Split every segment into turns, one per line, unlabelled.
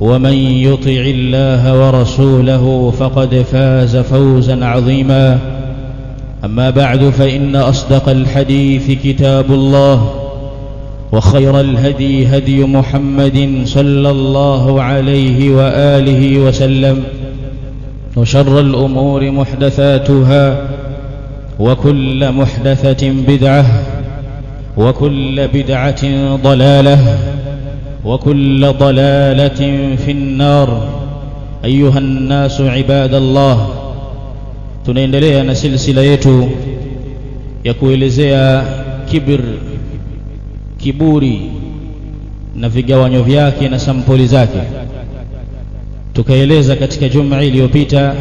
ومن يطع الله ورسوله فقد فاز فوزا عظيما أما بعد فإن أصدق الحديث كتاب الله وخير الهدي هدي محمد صلى الله عليه وآله وسلم وشر الأمور محدثاتها وكل محدثة بدعة وكل بدعة ضلالة وكل ضلالة في النار أيها الناس عباد الله
tunaendelea na silsila yetu ya kuelezea kibir kiburi na vigawanyo vyake na sampuli zake tukaeleza katika juma iliyopita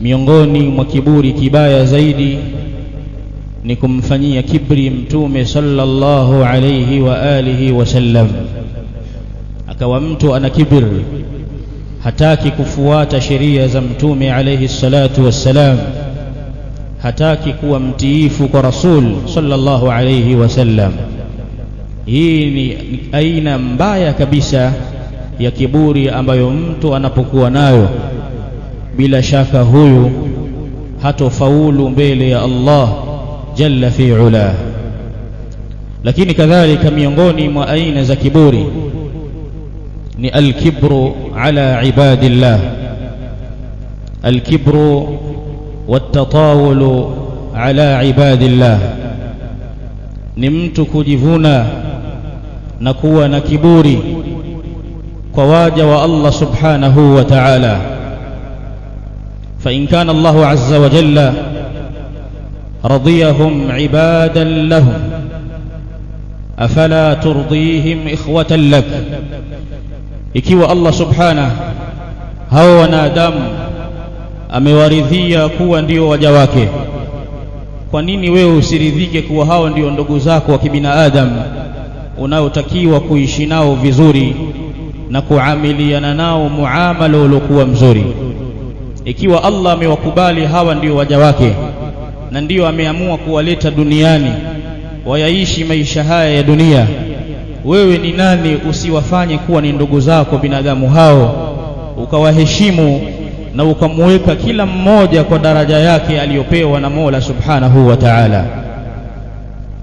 miongoni mwa kiburi kibaya zaidi ni kumfanyia kibri Mtume sallallahu alayhi wa alihi wasallam, akawa mtu ana kibri, hataki kufuata sheria za Mtume alayhi salatu wassalam, hataki kuwa mtiifu kwa Rasul sallallahu alayhi wasallam. Hii ni aina mbaya kabisa ya kiburi ambayo mtu anapokuwa nayo, bila shaka huyu hatofaulu mbele ya Allah جل في علاه لكن كذلك من ميغوني وأين ذا كبوري الكبر على عباد الله الكبر والتطاول على عباد الله نمت كجفونا نكوى نكبوري كواج والله سبحانه وتعالى فإن كان الله عز وجل رضيهم عبادا لهم afala turdihim ikhwatan lak, ikiwa Allah subhanahu hao wanadamu amewaridhia kuwa ndio waja wake, kwa nini wewe usiridhike kuwa hao ndio ndugu zako wa kibinadamu unaotakiwa kuishi nao vizuri na kuamiliana nao muamala uliokuwa mzuri? Ikiwa Allah amewakubali hawa ndio waja wake na ndiyo ameamua kuwaleta duniani wayaishi maisha haya ya dunia. Wewe ni nani usiwafanye kuwa ni ndugu zako binadamu hao, ukawaheshimu na ukamweka kila mmoja kwa daraja yake aliyopewa na Mola subhanahu wa ta'ala.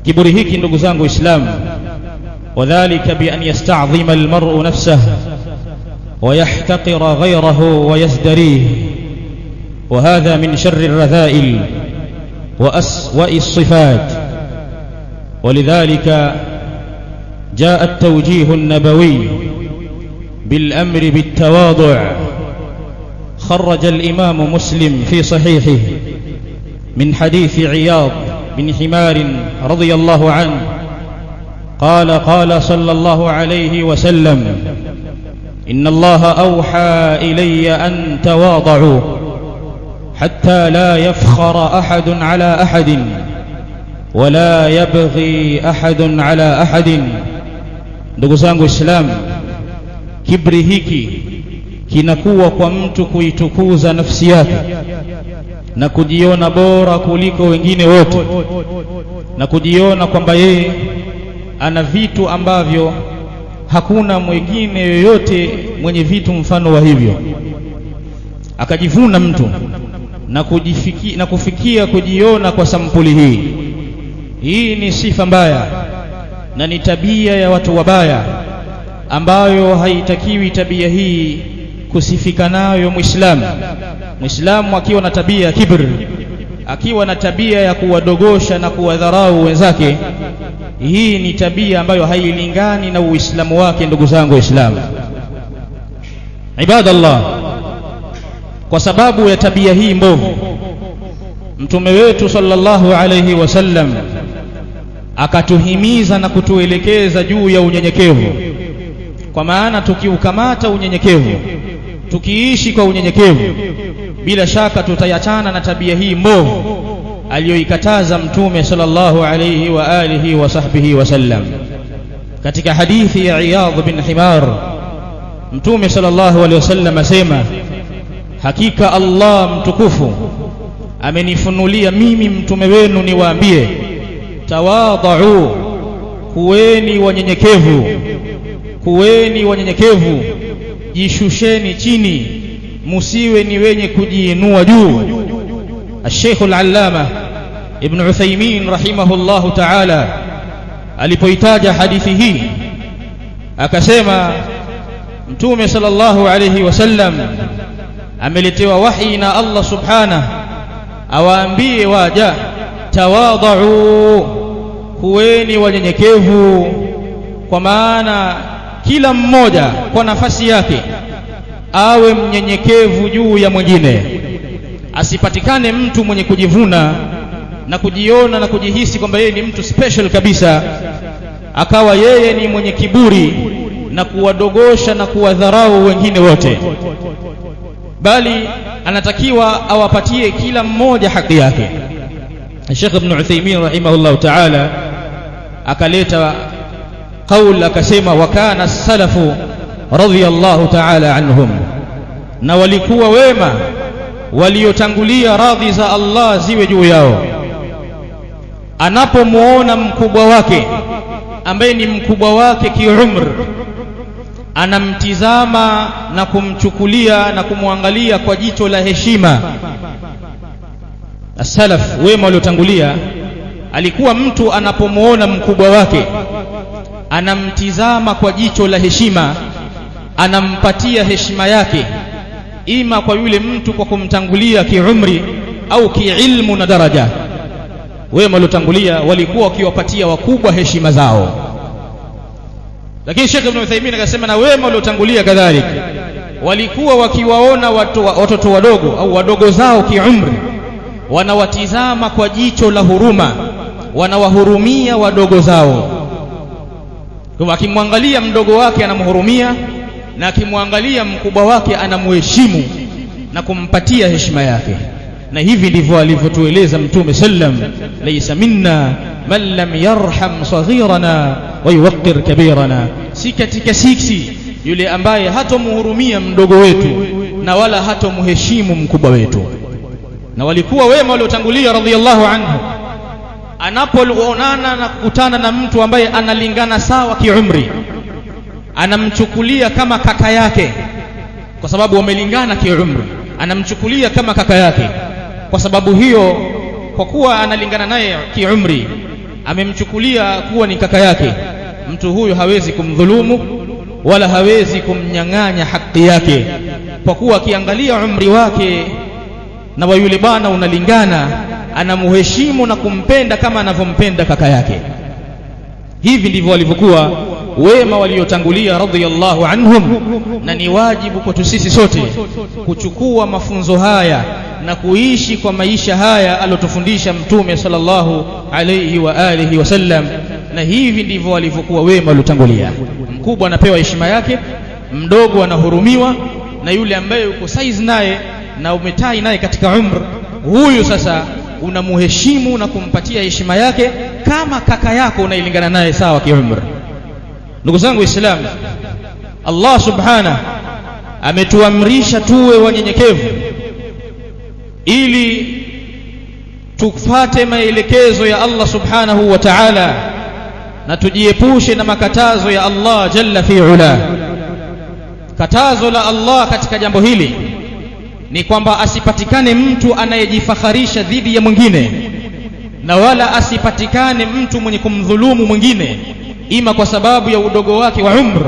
Kiburi hiki ndugu zangu islam wadhalika bi an yasta'dhima almar'u nafsahu wa yahtaqira ghayrahu wa wa hadha min sharri radha'il وأسوأ الصفات ولذلك جاء التوجيه النبوي بالأمر بالتواضع خرج الإمام مسلم في صحيحه من حديث عياض بن حمار رضي الله عنه قال قال صلى الله عليه وسلم إن الله أوحى إلي أن تواضعوا حتى لا يفخر أحد على أحد ولا يبغي أحد على أحد ndugu zangu Waislamu kibri hiki kinakuwa kwa mtu kuitukuza nafsi yake na kujiona bora kuliko wengine wote na kujiona kwamba yeye ana vitu ambavyo hakuna mwingine yoyote mwenye vitu mfano wa hivyo akajivuna mtu na, kujifiki, na kufikia kujiona kwa sampuli hii. Hii ni sifa mbaya na ni tabia ya watu wabaya ambayo haitakiwi tabia hii kusifika nayo Mwislamu. Mwislamu akiwa na tabia ya kibr, akiwa na tabia ya kuwadogosha na kuwadharau wenzake, hii ni tabia ambayo hailingani na Uislamu wake. Ndugu zangu Waislamu, ibadallah kwa sababu ya tabia hii mbovu. Mtume wetu sallallahu alayhi wasallam akatuhimiza na kutuelekeza juu ya unyenyekevu, kwa maana tukiukamata unyenyekevu, tukiishi kwa unyenyekevu, bila shaka tutayachana na tabia hii mbovu aliyoikataza Mtume sallallahu alayhi wa alihi wa sahbihi wasallam. Katika hadithi ya Iyadh bin Himar, Mtume sallallahu alayhi wasallam asema Hakika Allah mtukufu amenifunulia mimi mtume wenu niwaambie, tawadhau, kuweni wanyenyekevu, kuweni wanyenyekevu, jishusheni chini, musiwe ni wenye kujiinua juu. Asheikhu al-Allama Ibn Uthaymin rahimahullahu ta'ala alipoitaja hadithi hii akasema, Mtume sallallahu alayhi wasallam ameletewa wahi na Allah subhana awaambie waja tawadhau, huweni wanyenyekevu, kwa maana kila mmoja kwa nafasi yake awe mnyenyekevu juu ya mwingine, asipatikane mtu mwenye kujivuna na kujiona na kujihisi kwamba yeye ni mtu special kabisa, akawa yeye ni mwenye kiburi na kuwadogosha na kuwadharau wengine wote bali anatakiwa awapatie kila mmoja haki yake. Sheikh Ibn Uthaymeen rahimahullah ta'ala akaleta qaul akasema, wa kana salafu radhiyallahu ta'ala anhum, na walikuwa wema waliotangulia, radhi za Allah ziwe juu yao. Anapomwona mkubwa wake ambaye ni mkubwa wake kiumri anamtizama na kumchukulia na kumwangalia kwa jicho la heshima. as wema waliotangulia, alikuwa mtu anapomwona mkubwa wake anamtizama kwa jicho la heshima, anampatia heshima yake, ima kwa yule mtu kwa kumtangulia kiumri au kiilmu na daraja. Wema waliotangulia walikuwa wakiwapatia wakubwa heshima zao. Lakini Sheikh Ibn Uthaymeen akasema na wema waliotangulia kadhalika walikuwa wakiwaona watoto wadogo au wadogo zao kiumri, wanawatizama kwa jicho la huruma, wanawahurumia wadogo zao. Kwa akimwangalia mdogo wake anamhurumia, na akimwangalia mkubwa wake anamheshimu na kumpatia heshima yake. Na hivi ndivyo alivyotueleza Mtume sallam, laisa minna man lam yarham saghirana wayuwaqir kabirana, si katika sisi yule ambaye hatomhurumia mdogo wetu na wala hatomheshimu mkubwa wetu. Na walikuwa wema waliotangulia radhiallahu anhu, anapoonana na kukutana na mtu ambaye analingana sawa kiumri, anamchukulia kama kaka yake kwa sababu wamelingana kiumri, anamchukulia kama kaka yake. Kwa sababu hiyo, kwa kuwa analingana naye kiumri, amemchukulia kuwa ni kaka yake mtu huyu hawezi kumdhulumu wala hawezi kumnyang'anya haki yake, kwa kuwa akiangalia umri wake na wa yule bwana unalingana, anamheshimu na kumpenda kama anavyompenda kaka yake. Hivi ndivyo walivyokuwa wema waliotangulia radhiyallahu anhum, na ni wajibu kwetu sisi sote kuchukua mafunzo haya na kuishi kwa maisha haya aliyotufundisha Mtume sallallahu alayhi wa alihi wasallam. Na hivi ndivyo walivyokuwa wema waliotangulia. Mkubwa anapewa heshima yake, mdogo anahurumiwa, na yule ambaye uko size naye na umetai naye katika umri, huyu sasa unamuheshimu na kumpatia heshima yake kama kaka yako unailingana naye sawa kiumri. Ndugu zangu Waislamu, Allah subhanah ametuamrisha tuwe wanyenyekevu ili tufate maelekezo ya Allah subhanahu wa ta'ala na tujiepushe na makatazo ya Allah jalla fi ula. Katazo la Allah katika jambo hili ni kwamba asipatikane mtu anayejifakharisha dhidi ya mwingine, na wala asipatikane mtu mwenye kumdhulumu mwingine, ima kwa sababu ya udogo wake wa umri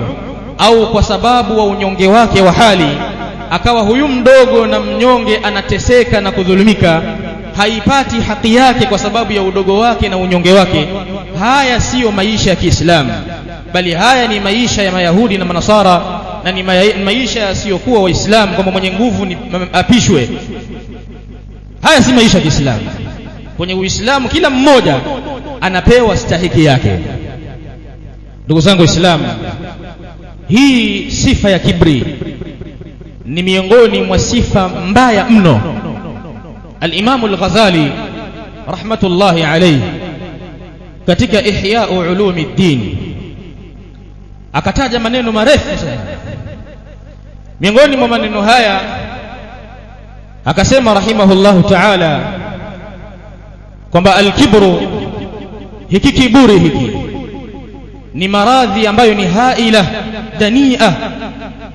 au kwa sababu wa unyonge wake wa hali akawa huyu mdogo na mnyonge anateseka na kudhulumika, haipati haki yake kwa sababu ya udogo wake na unyonge wake. Haya siyo maisha ya Kiislamu, bali haya ni maisha ya Mayahudi na Manasara na ni maisha yasiyokuwa Waislamu, kwamba mwenye nguvu ni apishwe. Haya si maisha ya Kiislamu. Kwenye Uislamu kila mmoja anapewa stahiki yake. Ndugu zangu Waislamu, hii sifa ya kibri ni miongoni mwa sifa mbaya mno. alimamu imamu Al-Ghazali rahmatullahi alayhi katika Ihya'u Ulumi Ddin akataja maneno marefu sana. Miongoni mwa maneno haya akasema rahimahullahu ta'ala kwamba alkibru hiki kiburi hiki ni maradhi ambayo ni haila dania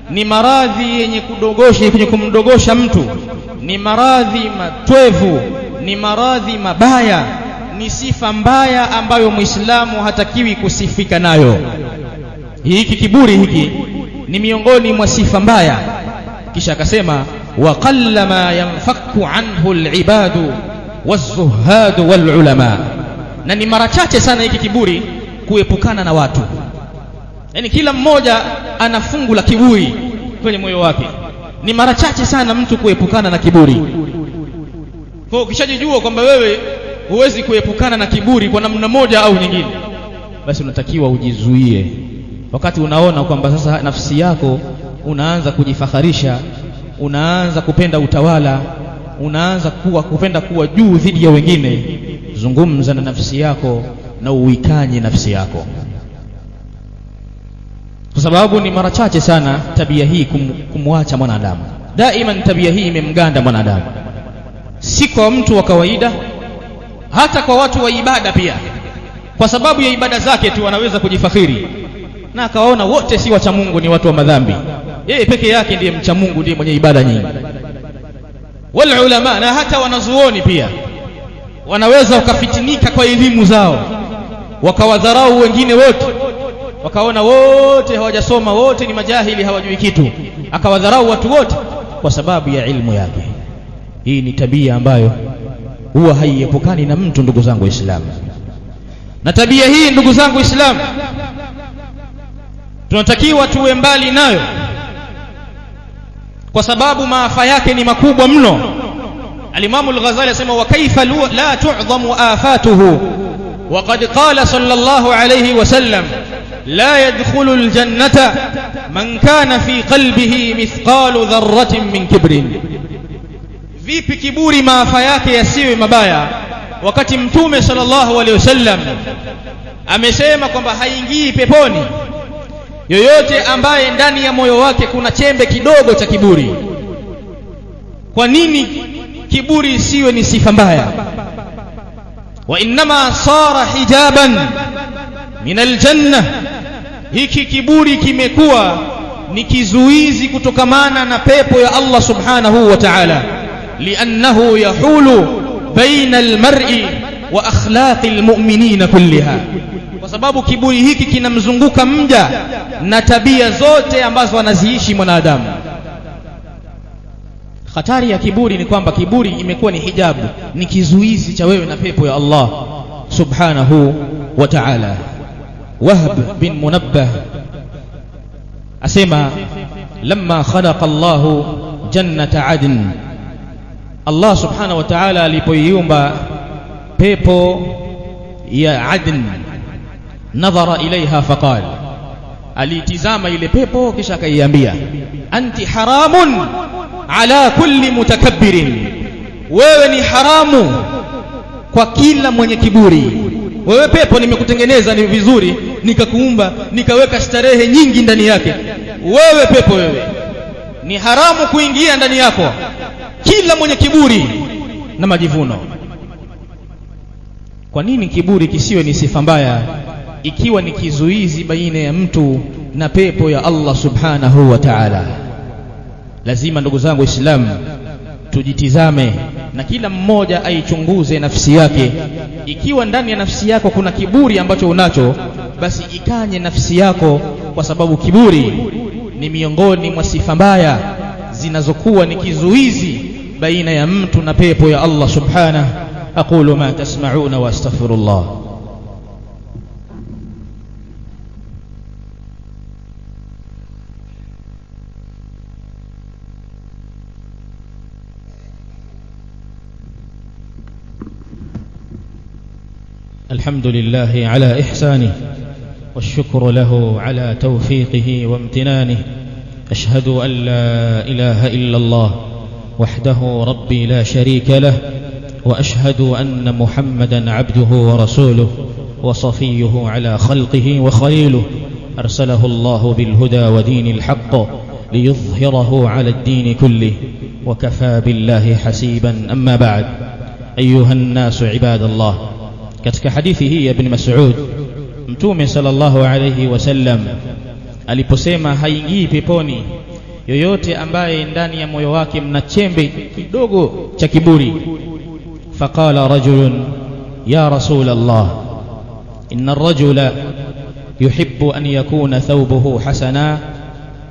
ni maradhi yenye kudogosha, yenye kumdogosha mtu, ni maradhi matwevu, ni maradhi mabaya, ni sifa mbaya ambayo Muislamu hatakiwi kusifika nayo. Hiki kiburi hiki ni miongoni mwa sifa mbaya. Kisha akasema wa qalla ma yanfaku anhu alibadu wazuhadu walulama, na ni mara chache sana hiki kiburi kuepukana na watu Yaani kila mmoja ana fungu la kiburi kwenye moyo wake. Ni mara chache sana mtu kuepukana na kiburi. Kwa ukishajijua kwamba wewe huwezi kuepukana na kiburi kwa namna moja au nyingine, basi unatakiwa ujizuie. Wakati unaona kwamba sasa nafsi yako unaanza kujifaharisha, unaanza kupenda utawala, unaanza kuwa kupenda kuwa juu dhidi ya wengine, zungumza na nafsi yako na uikanye nafsi yako kwa sababu ni mara chache sana tabia hii kum, kumwacha mwanadamu. Daiman tabia hii imemganda mwanadamu, si kwa mtu wa kawaida, hata kwa watu wa ibada pia. Kwa sababu ya ibada zake tu anaweza kujifakhiri na akawaona wote si wacha Mungu, ni watu wa madhambi. Yeye peke yake ndiye mcha Mungu, ndiye mwenye ibada nyingi. Wal ulama na hata wanazuoni pia wanaweza wakafitinika kwa elimu zao wakawadharau wengine wote wakaona wote hawajasoma, wote ni majahili, hawajui kitu, akawadharau watu wote kwa sababu ya ilmu yake. Hii ni tabia ambayo huwa haiepukani na mtu, ndugu zangu Waislamu. Na tabia hii, ndugu zangu Waislamu, tunatakiwa tuwe mbali nayo, kwa sababu maafa yake ni makubwa mno. Alimamu Al-Ghazali asema, wa kaifa la tudhamu afatuhu وقد قال صلى الله عليه وسلم لا يدخل الجنة من كان في قلبه مثقال ذرة من كبر vipi kiburi maafa yake yasiwe mabaya wakati mtume sallallahu alaihi wasallam amesema kwamba haingii peponi yoyote ambaye ndani ya moyo wake kuna chembe kidogo cha kiburi kwa nini kiburi isiwe ni sifa mbaya وإنما صار حجابا min aljanna hiki kiburi kimekuwa ni kizuizi kutokamana na pepo ya Allah subhanahu wa ta'ala liannahu yahulu baina almar'i wa akhlaqi almu'minina kulliha kwa sababu kiburi hiki kinamzunguka mja na tabia zote ambazo anaziishi mwanadamu Hatari ya kiburi ni kwamba kiburi imekuwa ni hijabu, ni kizuizi cha wewe na pepo ya Allah subhanahu wa ta'ala. Wahb bin Munabbah asema lamma khalaqa Allah jannata adn, Allah subhanahu wa ta'ala alipoiumba pepo ya adn, nadhara ilaiha faqal, alitizama ile pepo kisha akaiambia anti haramun ala kulli mutakabbirin, wewe ni haramu kwa kila mwenye kiburi. Wewe pepo, nimekutengeneza ni vizuri, nikakuumba, nikaweka starehe nyingi ndani yake. Wewe pepo, wewe ni haramu kuingia ndani yako kila mwenye kiburi na majivuno. Kwa nini kiburi kisiwe ni sifa mbaya ikiwa ni kizuizi baina ya mtu na pepo ya Allah subhanahu wa ta'ala? Lazima ndugu zangu Waislamu tujitizame na kila mmoja aichunguze nafsi yake. Ikiwa ndani ya nafsi yako kuna kiburi ambacho unacho, basi ikanye nafsi yako, kwa sababu kiburi ni miongoni mwa sifa mbaya zinazokuwa ni kizuizi baina ya mtu na pepo ya Allah subhanah aqulu ma tasmauna wa
الحمد لله على إحسانه والشكر له على توفيقه وامتنانه أشهد أن لا إله إلا الله وحده ربي لا شريك له وأشهد أن محمدا عبده ورسوله وصفيه على خلقه وخليله أرسله الله بالهدى ودين الحق ليظهره على الدين كله وكفى بالله حسيبا أما بعد أيها الناس عباد الله katika hadithi hii ya Ibn Mas'ud Mtume sallallahu alayhi wasallam aliposema haingii peponi yoyote ambaye ndani ya moyo wake mna chembe kidogo cha kiburi faqala rajulun ya rasul Allah inna ar-rajula yuhibbu an yakuna thawbuhu hasana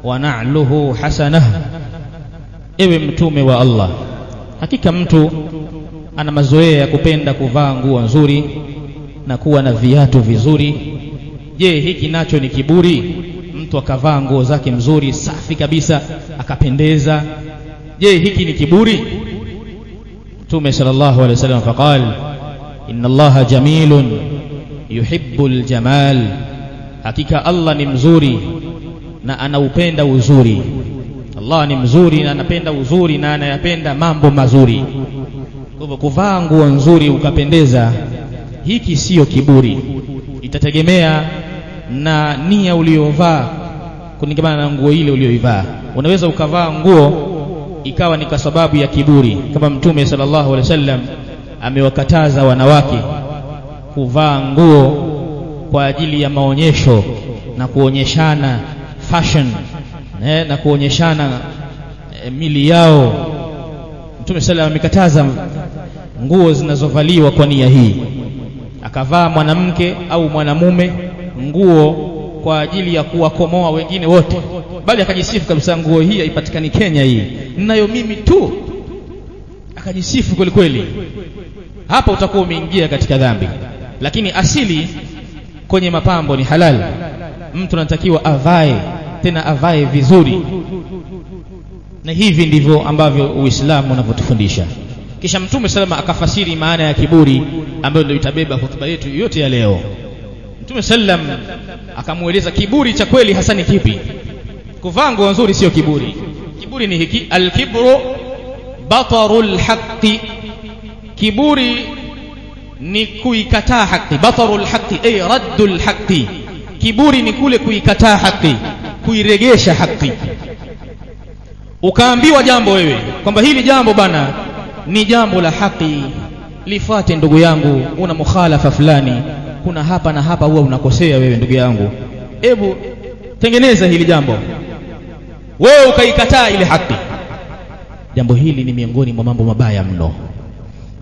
wa na'luhu hasana ewe mtume wa Allah Hakika mtu ana mazoea ya kupenda kuvaa nguo nzuri na kuwa na viatu vizuri. Je, hiki nacho ni kiburi? Mtu akavaa nguo zake mzuri safi kabisa akapendeza, je, hiki ni kiburi? Mtume sallallahu wa wasallam faqal inna Allaha jamilun yuhibbul jamal, hakika Allah ni mzuri na anaupenda uzuri. Allah ni mzuri na anapenda uzuri na anayapenda mambo mazuri. Kwa hivyo kuvaa nguo nzuri ukapendeza, hiki siyo kiburi, itategemea na nia uliyovaa kuningamana na nguo ile uliyoivaa. Unaweza ukavaa nguo ikawa ni kwa sababu ya kiburi, kama Mtume sallallahu alaihi wasallam amewakataza wanawake kuvaa nguo kwa ajili ya maonyesho na kuonyeshana fashion eh, na kuonyeshana eh, mili yao. Mtume sallallahu alayhi wasallam amekataza nguo zinazovaliwa kwa nia hii, akavaa mwanamke au mwanamume nguo kwa ajili ya kuwakomoa wengine wote, bali akajisifu kabisa, nguo hii haipatikani Kenya, hii ninayo mimi tu. Akajisifu kweli kweli. Hapa utakuwa umeingia katika dhambi, lakini asili kwenye mapambo ni halali. Mtu anatakiwa avae tena avae vizuri. Na hivi ndivyo ambavyo Uislamu unavyotufundisha. Kisha Mtume salama akafasiri maana ya kiburi ambayo ndio itabeba hotuba yetu yote ya leo. Mtume sallam akamweleza kiburi cha kweli hasa ni kipi. Kuvaa nguo nzuri sio kiburi. Kiburi ni hiki, alkibru batarul haqi, kiburi ni kuikataa haki. Batarul haqi ay raddul haqi, kiburi ni kule kuikataa haki kuiregesha haki. Ukaambiwa jambo wewe kwamba hili jambo bana ni jambo la haki, lifate ndugu yangu, una mukhalafa fulani, kuna hapa na hapa, huwa unakosea wewe ndugu yangu, hebu tengeneza hili jambo. Wewe ukaikataa ile haki, jambo hili ni miongoni mwa mambo mabaya mno.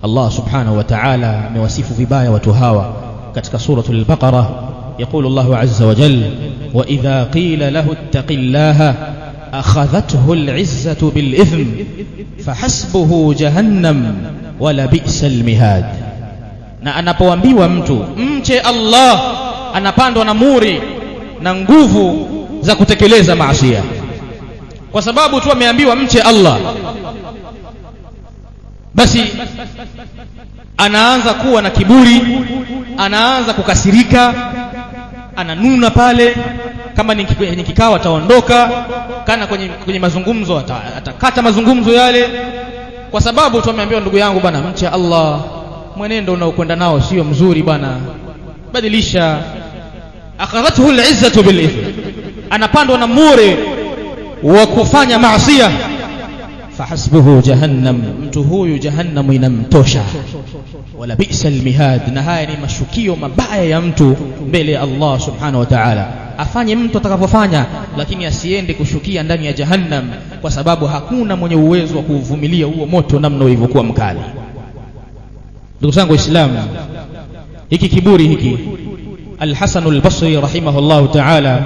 Allah subhanahu wa ta'ala amewasifu vibaya watu hawa katika suratul Baqara, yaqulu llahu azza wa jalla وإذا قيل له اتق الله أخذته العزة بالإثم فحسبه جهنم ولبئس المهاد na anapoambiwa mtu mche Allah anapandwa na muri na nguvu za kutekeleza maasiya kwa sababu tu ameambiwa mche Allah basi anaanza kuwa na kiburi anaanza kukasirika ananuna pale kama ni kikao ataondoka, kana kwenye, kwenye mazungumzo atakata mazungumzo yale, kwa sababu tu ameambiwa, ndugu yangu bwana, mche Allah, mwenendo unaokwenda nao sio mzuri bwana, badilisha. Akhadhathu lizzatu izzatu anapandwa na mure wa kufanya maasiya fahasbuhu jahannam, mtu huyu jahannamu inamtosha. Wala bisa almihad, na haya ni mashukio mabaya ya mtu mbele ya Allah subhanahu wa ta'ala afanye mtu atakavyofanya, lakini asiende kushukia ndani ya Jahannam, kwa sababu hakuna mwenye uwezo wa kuuvumilia huo moto namna ulivyokuwa mkali. Ndugu zangu Waislamu, hiki kiburi hiki alhasanu hasan al-Basri rahimahullahu ta'ala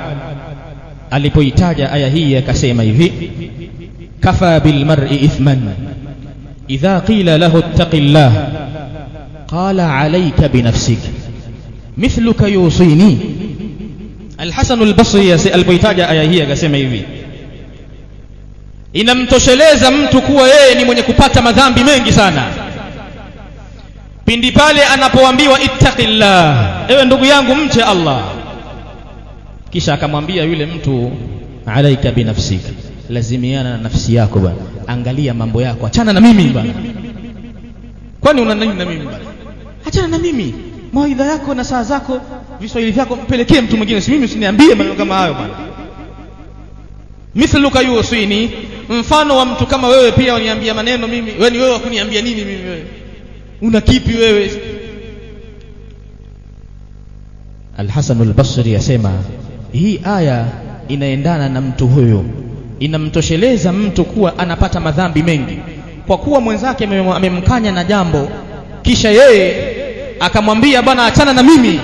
alipoitaja aya hii akasema hivi, kafa bilmar'i ithman idha qila lahu llah qala alayka binafsik mithluka yusini Alhasanu Albasri alipoitaja aya hii akasema hivi, inamtosheleza mtu kuwa yeye ni mwenye kupata madhambi mengi sana pindi pale anapoambiwa ittaqillah, ewe ndugu yangu mche Allah. Kisha akamwambia yule mtu alaika binafsika, lazimiana na nafsi yako bwana, angalia mambo yako, achana na mimi bwana. Kwani una nini na mimi bwana? Achana na mimi, mawaidha yako na saa zako viswahili vyako mpelekee mtu mwingine, si mimi, usiniambie maneno kama hayo bwana. Mithluka yuusini, mfano wa mtu kama wewe pia waniambia maneno mimi. Wewe ni wewe wakuniambia nini mimi? Wewe una kipi wewe? Al-Hasan al-Basri yasema hii aya inaendana na mtu huyo, inamtosheleza mtu kuwa anapata madhambi mengi kwa kuwa mwenzake amemkanya na jambo, kisha yeye akamwambia bwana, achana na mimi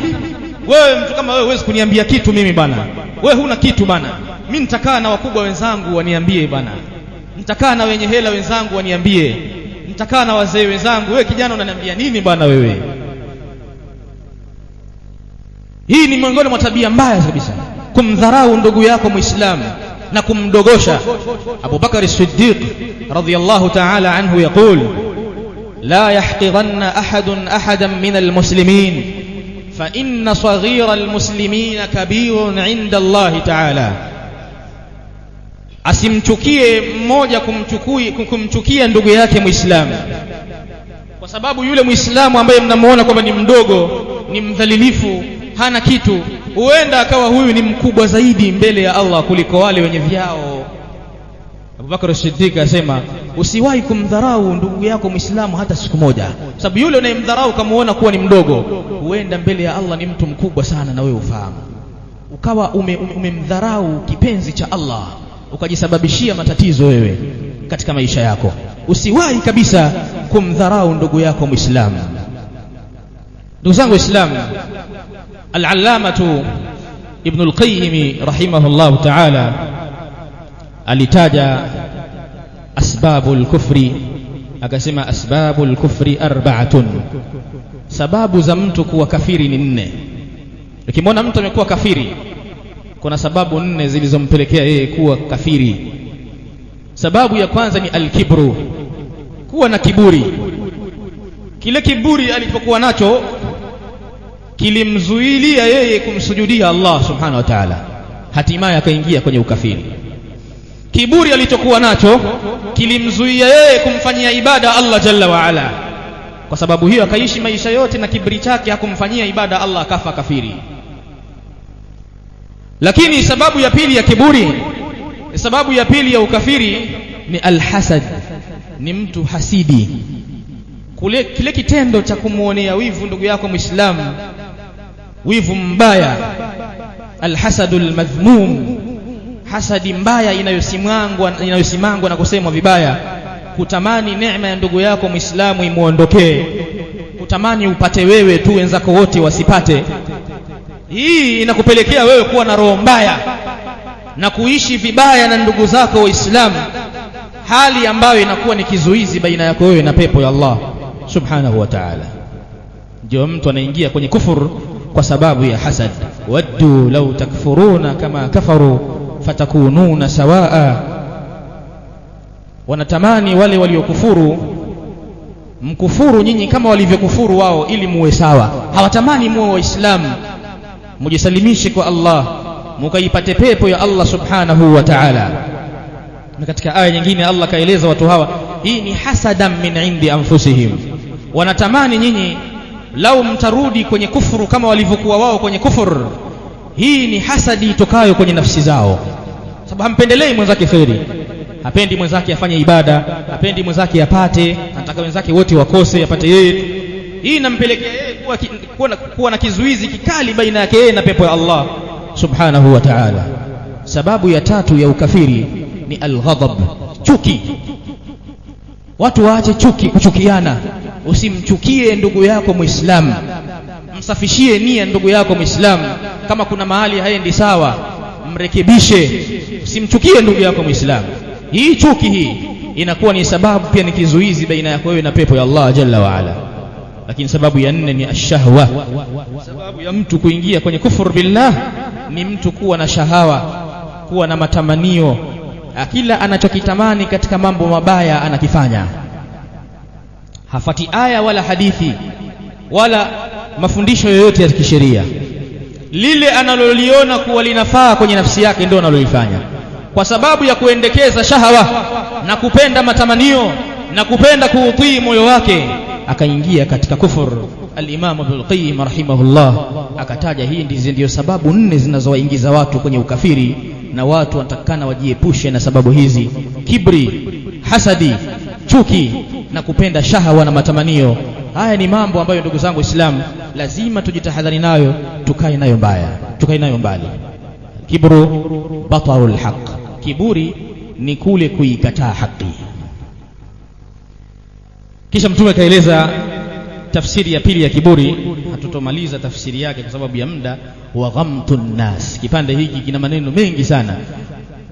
wewe mtu kama wewe huwezi kuniambia kitu mimi bana, wewe huna kitu bana. mi nitakaa na wakubwa wenzangu waniambie bana, nitakaa na wenye hela wenzangu waniambie, nitakaa na wazee wenzangu. Wewe kijana unaniambia nini bana wewe? Hii ni miongoni mwa tabia mbaya kabisa, kumdharau ndugu yako Muislamu na kumdogosha. Abu Bakari Siddiq radhiyallahu ta'ala anhu yaqul la yahqiranna ahadun ahadan min almuslimin fa صغير saghira كبير kabirun inda تعالى taala, asimchukie mmoja kumchukia ndugu yake Mwislamu, kwa sababu yule Mwislamu ambaye mnamuona kwamba ni mdogo, ni mdhalilifu, hana kitu, huenda akawa huyu ni mkubwa zaidi mbele ya Allah kuliko wale wenye vyao. Abubakar Siddiq asema Usiwahi kumdharau ndugu yako Muislamu hata siku moja, kwa sababu yule unayemdharau ukamuona kuwa ni mdogo, huenda mbele ya Allah ni mtu mkubwa sana, na wewe ufahamu, ukawa umemdharau ume kipenzi cha Allah, ukajisababishia matatizo wewe katika maisha yako. Usiwahi kabisa kumdharau ndugu yako Muislamu. Ndugu zangu Waislamu, Al-Allamatu Ibnul Qayyim rahimahullahu ta'ala alitaja asbabu lkufri, akasema asbabu lkufri arbaatun, sababu za mtu kuwa kafiri ni nne. Ukimwona mtu amekuwa kafiri, kuna sababu nne zilizompelekea yeye kuwa kafiri. Sababu ya kwanza ni alkibru, kuwa na kiburi. Kile kiburi alichokuwa nacho kilimzuilia yeye kumsujudia Allah subhanahu wa ta'ala, hatimaye akaingia kwenye ukafiri. Kiburi alichokuwa nacho kilimzuia yeye kumfanyia ibada Allah jalla waala. Kwa sababu hiyo akaishi maisha yote na kiburi chake hakumfanyia ibada Allah, akafa kafiri. Lakini sababu ya pili ya kiburi, sababu ya pili ya ukafiri ni alhasad, ni mtu hasidi. Kule, kile kitendo cha kumwonea wivu ndugu yako Mwislamu, wivu mbaya, alhasadu lmadhmum hasadi mbaya inayosimangwa, inayosimangwa na kusemwa vibaya, kutamani neema ya ndugu yako Muislamu imwondokee, kutamani upate wewe tu, wenzako wote wasipate. Hii inakupelekea wewe kuwa na roho mbaya na kuishi vibaya na ndugu zako Waislamu, hali ambayo inakuwa ni kizuizi baina yako wewe na pepo ya Allah subhanahu wa ta'ala. Ndio mtu anaingia kwenye kufur kwa sababu ya hasad. waddu lau takfuruna kama kafaru fatakununa sawaa, wanatamani wale waliokufuru mkufuru nyinyi kama walivyokufuru wao, ili muwe sawa. Hawatamani muwe Waislamu, mujisalimishe kwa Allah mukaipate pepo ya Allah subhanahu wa ta'ala. Na katika aya nyingine Allah kaeleza watu hawa, hii ni hasadan min indi anfusihim, wanatamani nyinyi lau mtarudi kwenye kufuru kama walivyokuwa wao kwenye kufuru hii ni hasadi itokayo kwenye nafsi zao, sababu hampendelei mwenzake kheri, hapendi mwenzake afanye ibada, hapendi mwenzake apate, anataka wenzake wote wakose, apate yeye. Hii inampelekea yeye kuwa, kuwa, kuwa na kizuizi kikali baina yake yeye na pepo ya Allah subhanahu wa ta'ala. Sababu ya tatu ya ukafiri ni alghadhab, chuki. Watu waache chuki, kuchukiana. Usimchukie ndugu yako Muislamu msafishie nia ndugu yako Muislamu, kama kuna mahali haendi sawa, mrekebishe, usimchukie ndugu yako Muislamu. Hii chuki hii inakuwa ni sababu pia ni kizuizi baina yako wewe na pepo ya Allah jalla waala. Lakini sababu ya nne ni ashahwa, sababu ya mtu kuingia kwenye kufur billah ni mtu kuwa na shahawa, kuwa na matamanio, ah, kila anachokitamani katika mambo mabaya anakifanya, hafati aya wala hadithi wala mafundisho yoyote ya kisheria. Lile analoliona kuwa linafaa kwenye nafsi yake ndio analolifanya, kwa sababu ya kuendekeza shahawa na kupenda matamanio na kupenda kuutii moyo wake, akaingia katika kufur Al-Imam Qayyim rahimahullah akataja hii ndiyo sababu nne zinazowaingiza watu kwenye ukafiri, na watu wanatakikana wajiepushe na sababu hizi: kibri, hasadi, chuki na kupenda shahawa na matamanio. Haya ni mambo ambayo ndugu zangu Waislamu lazima tujitahadhari nayo, tukae nayo mbaya, tukae nayo mbali. Kibru batarul lhaq kiburi ni kule kuikataa haki. Kisha Mtume akaeleza tafsiri ya pili ya kiburi, hatutomaliza tafsiri yake kwa sababu ya muda. Wa ghamtu nnas, kipande hiki kina maneno mengi sana.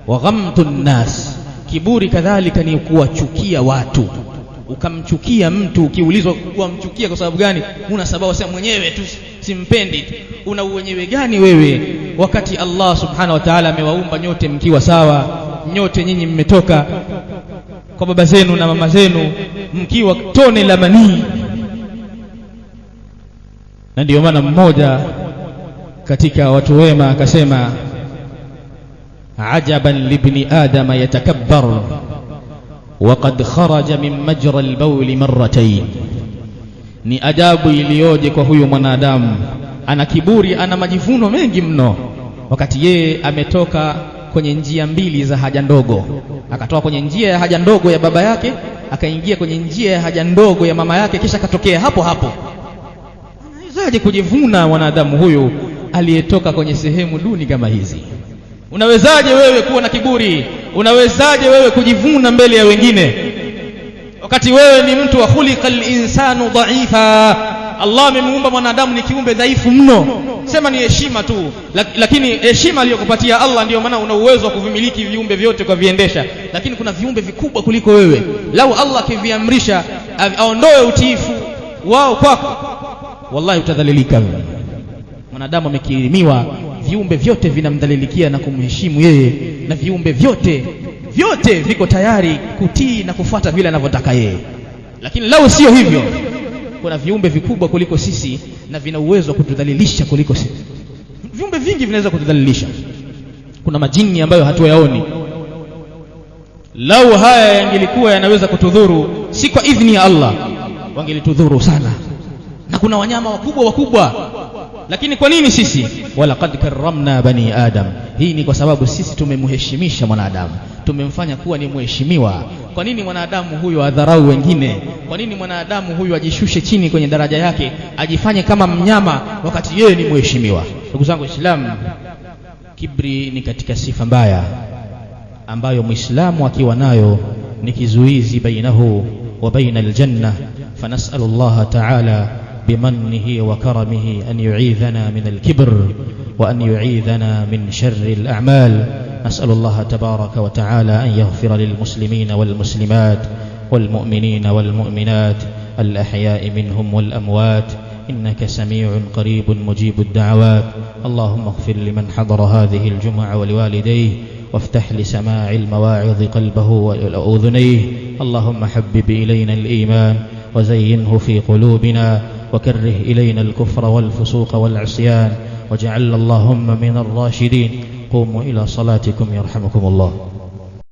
Wa nnas, kiburi kadhalika ni kuwachukia watu ukamchukia mtu, ukiulizwa wamchukia kwa sababu gani, una sababu sema mwenyewe tu simpendi. Una uwenyewe gani wewe, wakati Allah subhanahu wa ta'ala amewaumba nyote mkiwa sawa, nyote nyinyi mmetoka kwa baba zenu na mama zenu mkiwa tone la manii, na ndiyo maana mmoja katika watu wema akasema, ajaban libni adama yatakabbar وقد kharaja min majra البول مرتين Ni ajabu iliyoje kwa huyu mwanadamu, ana kiburi, ana majivuno mengi mno, wakati yeye ametoka kwenye njia mbili za haja ndogo. Akatoka kwenye njia ya haja ndogo ya baba yake, akaingia kwenye njia ya haja ndogo ya mama yake, kisha akatokea hapo hapo. Anawezaje kujivuna mwanadamu huyu aliyetoka kwenye sehemu duni kama hizi? Unawezaje wewe kuwa na kiburi? Unawezaje wewe kujivuna mbele ya wengine, wakati wewe ni mtu wa khuliqal insanu dhaifa. Allah amemuumba mwanadamu ni kiumbe dhaifu mno. Sema ni heshima tu, lakini heshima aliyokupatia Allah ndiyo maana una uwezo wa kuvimiliki viumbe vyote kwa viendesha, lakini kuna viumbe vikubwa kuliko wewe. Lau Allah akiviamrisha aondoe utiifu wao kwako, wallahi utadhalilika. Mwanadamu amekirimiwa viumbe vyote vinamdhalilikia na kumheshimu yeye, na viumbe vyote vyote viko tayari kutii na kufuata vile anavyotaka yeye. Lakini lau sio hivyo, kuna viumbe vikubwa kuliko sisi na vina uwezo wa kutudhalilisha kuliko sisi. Viumbe vingi vinaweza kutudhalilisha. Kuna majini ambayo hatuyaoni. Lau haya yangelikuwa yanaweza kutudhuru, si kwa idhini ya Allah, wangelitudhuru sana. Na kuna wanyama wakubwa wakubwa lakini kwa nini sisi? Walaqad karramna bani adam, hii ni kwa sababu sisi tumemheshimisha mwanadamu, tumemfanya kuwa ni mheshimiwa. Kwa nini mwanadamu huyu adharau wengine? Kwa nini mwanadamu huyu ajishushe chini kwenye daraja yake, ajifanye kama mnyama, wakati yeye ni mheshimiwa? Ndugu zangu Waislamu, kibri ni katika sifa mbaya ambayo mwislamu akiwa nayo ni kizuizi bainahu wa baina aljanna. Fanasalu llaha taala بمنه وكرمه أن يعيذنا من الكبر وأن يعيذنا من شر الأعمال نسأل الله تبارك وتعالى أن يغفر للمسلمين والمسلمات والمؤمنين والمؤمنات الأحياء منهم والأموات إنك سميع قريب مجيب الدعوات اللهم اغفر لمن حضر هذه الجمعة ولوالديه وافتح لسماع المواعظ قلبه وأذنيه اللهم حبب إلينا الإيمان وزينه في قلوبنا وكره إلينا الكفر والفسوق والعصيان وجعل اللهم من الراشدين قوموا إلى صلاتكم يرحمكم الله